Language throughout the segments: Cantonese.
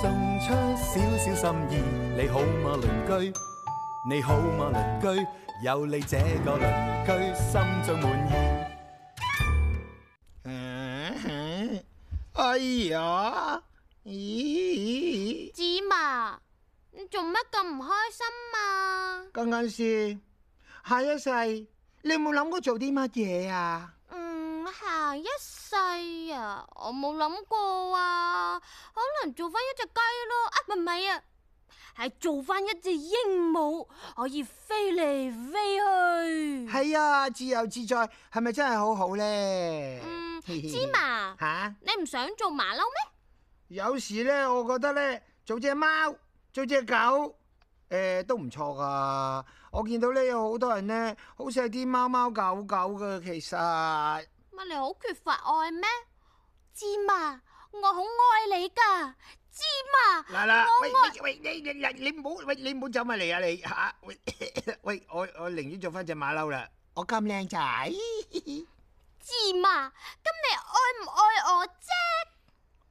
送出少少心意，你好嗎鄰居？你好嗎鄰居？有你這個鄰居，心中滿意、嗯。哎呀，咦？芝麻，你做乜咁唔開心嘛、啊？剛剛是下一世，你有冇諗過做啲乜嘢啊？我冇諗過啊，可能做翻一隻雞咯，啊，唔係唔係啊，係做翻一隻鸚鵡，可以飛嚟飛去。係啊，自由自在，係咪真係好好咧？嗯，芝麻吓， 啊、你唔想做馬騮咩？有時咧，我覺得咧，做隻貓、做隻狗，誒、呃，都唔錯噶。我見到咧有好多人咧，好似係啲貓貓狗狗噶，其實乜你好缺乏愛咩？芝麻，我好愛你噶，芝麻，啦啦我愛。喂喂你你你唔好喂你唔好走埋嚟啊！你吓喂，我我寧願做翻隻馬騮啦，我咁靚仔。芝麻，咁你愛唔愛我啫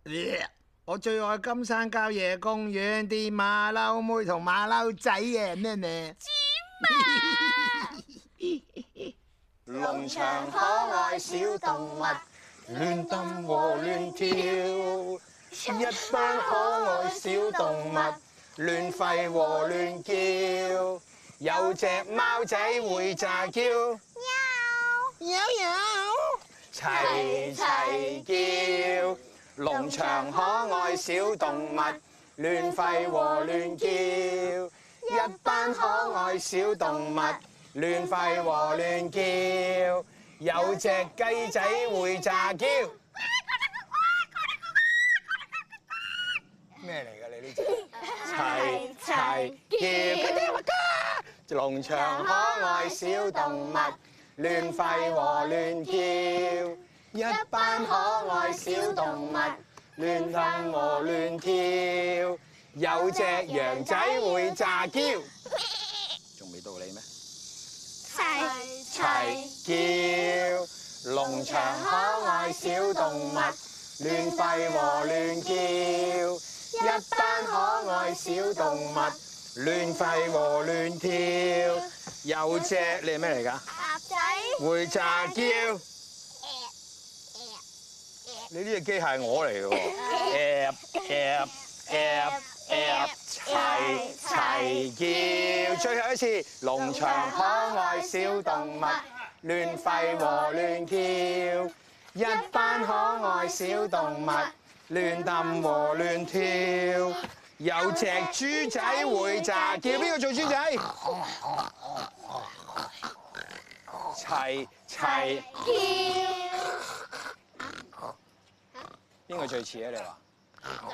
？Yeah, 我最愛金山郊野公園啲馬騮妹同馬騮仔呀，咩咩？芝麻，農芝麻 場可愛小動物。亂蹦和亂跳，一班可愛小動物亂吠和亂叫，有隻貓仔會詐嬌，喵喵，齊齊叫，農場可愛小動物亂吠和亂叫，一班可愛小動物亂吠和亂叫。有隻雞仔會詐嬌，咩嚟㗎？你呢？齊齊叫佢哋，農場可愛小動物亂吠和亂叫，一班可愛小動物亂蹦和亂跳。有隻羊仔會詐嬌，仲未到你咩？齊叫，農場可愛小動物，亂吠和亂叫。一班可愛小動物，亂吠和亂跳。有隻，你係咩嚟噶？鴨仔。會咋叫？仔你呢隻雞係我嚟噶？ 夾夾夾一齊齊叫，最後一次。農場可愛小動物，亂吠和亂叫。一班可愛小動物，亂蕩和亂跳。亂亂有隻豬仔會詐叫，邊個做豬仔？齊齊叫。邊個、啊、最似咧？你話？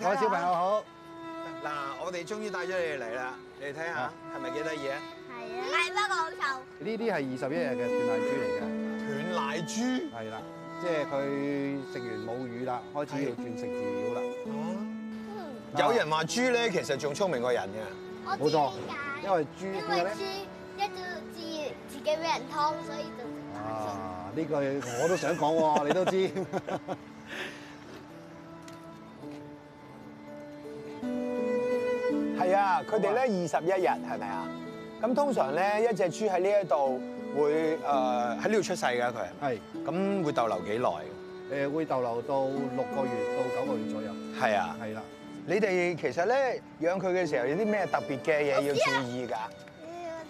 各位小朋友好，嗱、啊，我哋終於帶咗你哋嚟啦，你哋睇下，係咪幾得意啊？係啊，係不過好臭。呢啲係二十一日嘅斷奶豬嚟嘅。斷奶豬？係啦，即係佢食完母乳啦，開始要轉食飼料啦。啊的，吧有人話豬咧，其實仲聰明過人嘅，冇錯。因為豬因為豬一早自自己俾人劏，所以就。啊，呢個我都想講喎，你都知。 啊！佢哋咧二十一日係咪啊？咁通常咧，一隻豬喺呢一度會誒喺呢度出世㗎。佢係，咁會逗留幾耐？誒會逗留到六個月到九個月左右。係啊，係啦。你哋其實咧養佢嘅時候有啲咩特別嘅嘢要注意㗎？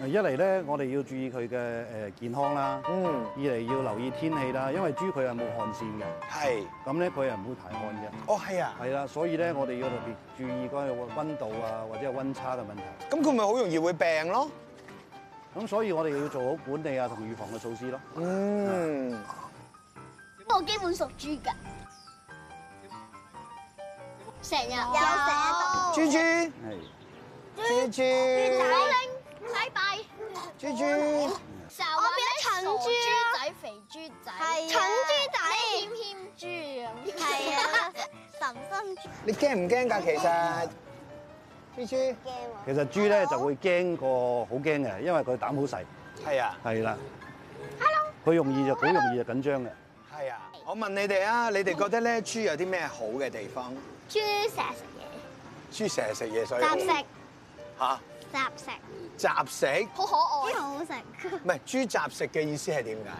一嚟咧，我哋要注意佢嘅誒健康啦。嗯。二嚟要留意天氣啦，因為豬佢係冇汗腺嘅。係是的。咁咧，佢係唔會排汗嘅。哦，係啊。係啦，所以咧，我哋要特別注意嗰個溫度啊，或者係溫差嘅問題。咁佢咪好容易會病咯？咁所以我哋要做好管理啊，同預防嘅措施咯。嗯。是的 我基本屬豬㗎。成日有蛇多。有有都豬豬。係是。豬，豬豬。豬豬，我變咗蠢豬仔、肥豬仔、蠢豬仔，豬係啊，神心豬。你驚唔驚噶？其實，豬豬，其實豬咧就會驚過好驚嘅，因為佢膽好細。係啊，係啦。Hello，佢容易就好容易就緊張嘅。係啊，我問你哋啊，你哋覺得咧豬有啲咩好嘅地方？豬成日食嘢，豬成日食嘢，所以雜食。吓？雜食，雜食，好可愛，啲好好食。唔係，豬雜食嘅意思係點解？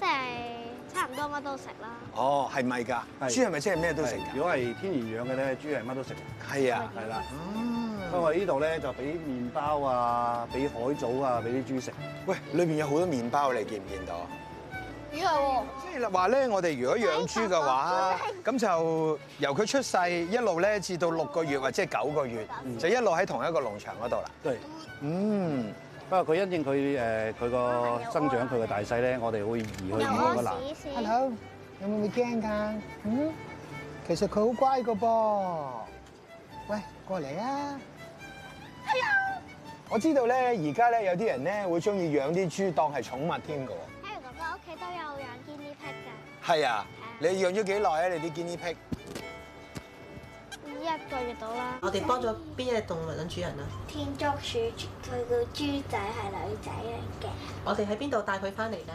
即係差唔多乜都食啦。哦，係咪噶？豬係咪即係咩都食？如果係天然養嘅咧，豬係乜都食。係啊，係啦。嗯。不過呢度咧就俾麵包啊，俾海藻啊，俾啲豬食。喂，裏邊有好多麵包，你見唔見到？即係話咧，我哋如果養豬嘅話，咁就由佢出世一路咧，至到六個月或者九個月，就一路喺同一個農場嗰度啦。對，嗯，不過佢因應佢誒佢個生長佢嘅大細咧，我哋會移去 Hello，有冇會驚㗎？嗯，其實佢好乖嘅噃。喂，過嚟啊！哎呀，我知道咧，而家咧有啲人咧會中意養啲豬當係寵物添㗎。都有養 Guinea pig 噶，係啊，你養咗幾耐啊？你啲 Guinea pig 一個月到啦。我哋幫咗邊隻動物搵主人啊？天竺鼠，佢叫豬仔，係女仔嚟嘅。我哋喺邊度帶佢翻嚟噶？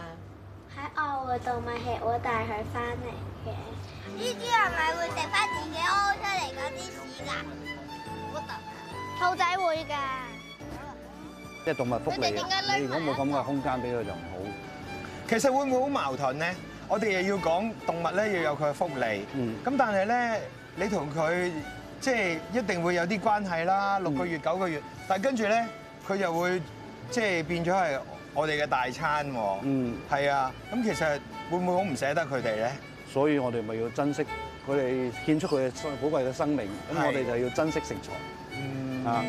喺動物協會，係我帶佢翻嚟嘅。豬豬係咪會食翻自己屙出嚟嗰啲屎噶？冇得。兔仔會噶。即係動物福利嘢，你如果冇咁嘅空間俾佢，就唔好。其實會唔會好矛盾咧？我哋又要講動物咧要有佢嘅福利，咁、嗯、但係咧你同佢即係一定會有啲關係啦。六個月、九個月，但係跟住咧佢又會即係變咗係我哋嘅大餐喎。嗯，係啊。咁其實會唔會好唔捨得佢哋咧？所以我哋咪要珍惜佢哋獻出佢嘅寶貴嘅生命。咁係啊。我哋就要珍惜食材。嗯。啊。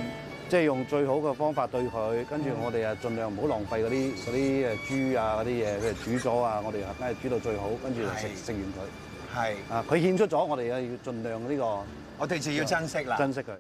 即係用最好嘅方法對佢，跟住我哋啊，盡量唔好浪費嗰啲啲誒豬啊嗰啲嘢，譬如煮咗啊，我哋係梗係煮到最好，跟住食食完佢。係啊，佢獻出咗，我哋啊要盡量呢個。我哋就要珍惜啦，珍惜佢。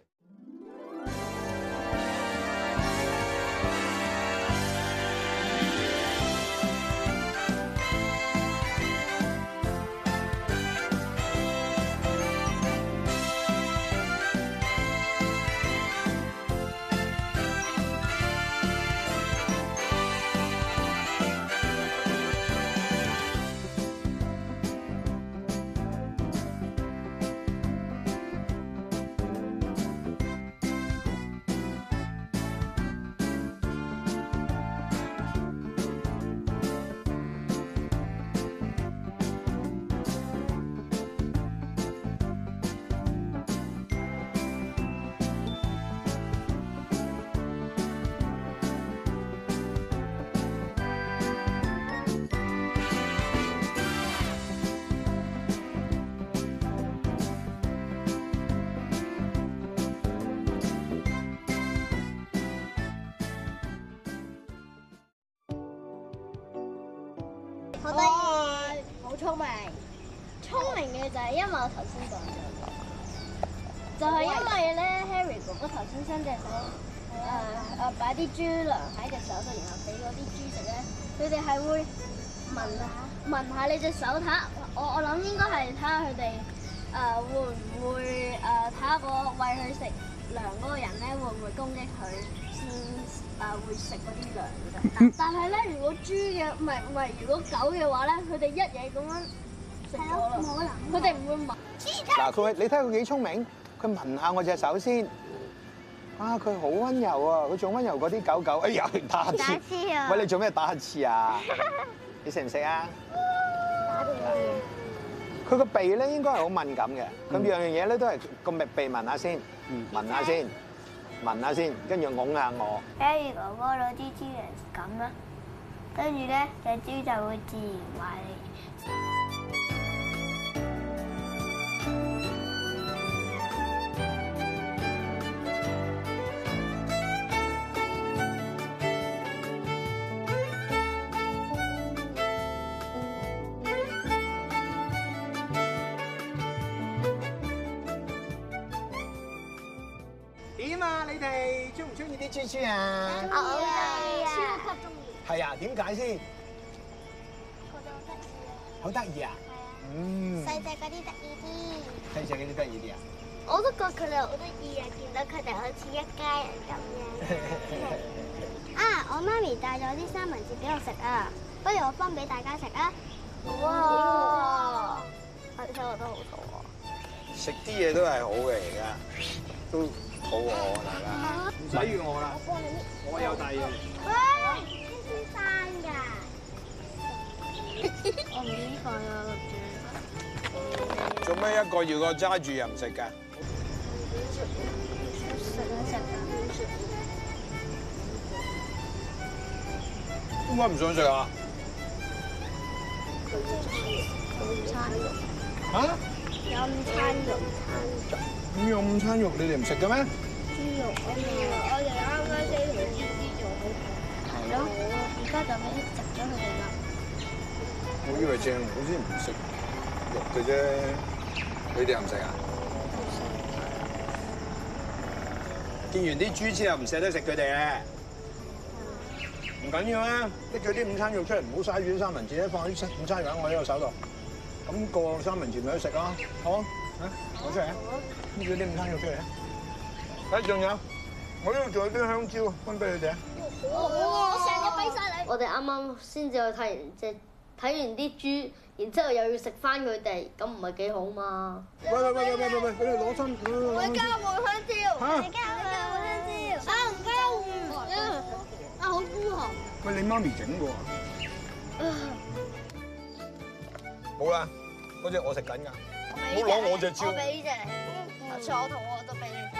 聰明嘅就係，因為我頭先講咗，就係因為咧 ，Harry 哥哥頭先伸隻手，誒誒，擺啲豬糧喺隻手上，然後俾嗰啲豬食咧，佢哋係會聞下，聞下你隻手，睇下，我我諗應該係睇下佢哋誒會唔會誒睇下個餵佢食糧嗰個人咧會唔會攻擊佢先。 啊！會食嗰啲糧嘅，但係咧，如果豬嘅，唔係唔係，如果狗嘅話咧，佢哋一嘢咁樣食咗啦，佢哋唔會聞。嗱，佢你睇佢幾聰明，佢聞下我隻手先，啊，佢好温柔啊，佢仲温柔過啲狗狗。哎呀，打乞嗤，喂，你做咩打乞嗤啊？你食唔食啊？打點嘢？佢個鼻咧應該係好敏感嘅，咁樣樣嘢咧都係個鼻鼻聞下先，聞下先。聞下先，跟住擁下我。跟住哥哥攞啲豬糧咁啦，跟住咧隻豬就會自然話你。啲豬豬啊，我啊，超級中意。係啊，點解先？嗯、小小小小覺得好得意啊！好得意啊！嗯。細細嗰啲得意啲。細細嗰啲得意啲啊！我都覺佢哋好得意啊！見到佢哋好似一家人咁樣。啊、嗯！我媽咪帶咗啲三文治俾我食啊！不如我分俾大家食啊！哇哇哇哇嗯、哇好啊！我哋小都好肚餓，食啲嘢都係好嘅，而家都肚餓啊，大洗完我啦，我有帶嘢。哎，天生㗎，我唔呢個啦。做咩一個月個揸住又唔食嘅？點解唔想食啊？有午餐肉。嚇？有午餐肉。有午餐肉，你哋唔食嘅咩？我哋啱啱先唔知知仲好好，係咯，而家就俾食咗佢哋啦。我以為正，好似唔食肉嘅啫，你哋又唔食啊？嗯、見完啲豬之後唔捨得食佢哋嘅，唔緊要啊，拎咗啲午餐肉出嚟，唔好嘥住啲三文治咧，放喺啲午餐肉喺我手度，咁、個三文治咪去食咯，好啊？攞出嚟啊！搦住啲午餐肉出嚟啊！睇仲有，我呢度仲有啲香蕉，分俾佢哋啊！我我成日俾晒你。我哋啱啱先至去睇完隻睇完啲豬，然之後又要食翻佢哋，咁唔係幾好嘛？喂喂喂喂喂喂，俾你攞親！換蕉紅香蕉，換蕉紅香蕉，唔換蕉，啊好孤寒。喂，你媽咪整過啊？好啦，嗰隻我食緊噶，唔好攞我隻蕉，我俾呢隻你，頭先我同學都俾。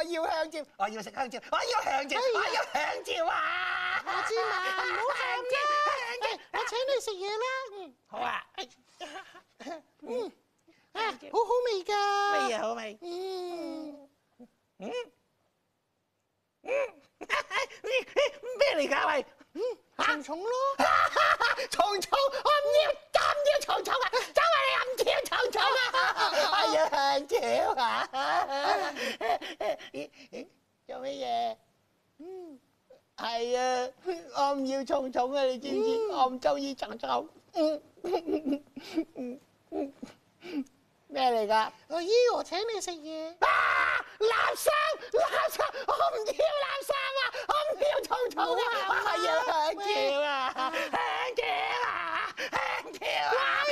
我要香蕉，我要食香蕉，我要香蕉，是的 我要香蕉啊！我知啦，唔好喊，我請你食嘢啦。好啊，嗯。嗯、啊、好好味噶。咩嘢好味？嗯嗯，咩嚟噶？喂！蟲蟲咯，蟲蟲，我唔要，我唔要蟲蟲啊，周圍你又唔要蟲蟲啊，係啊，係啊，做咩嘢？嗯，係啊，我唔要蟲蟲啊，你知唔知？我唔中意蟲蟲。咩嚟噶？我姨我請你食嘢啊！垃圾垃圾，我唔要垃圾啊！我唔要嘈嘈啊！我係要香蕉啊！香蕉啊！香蕉啊！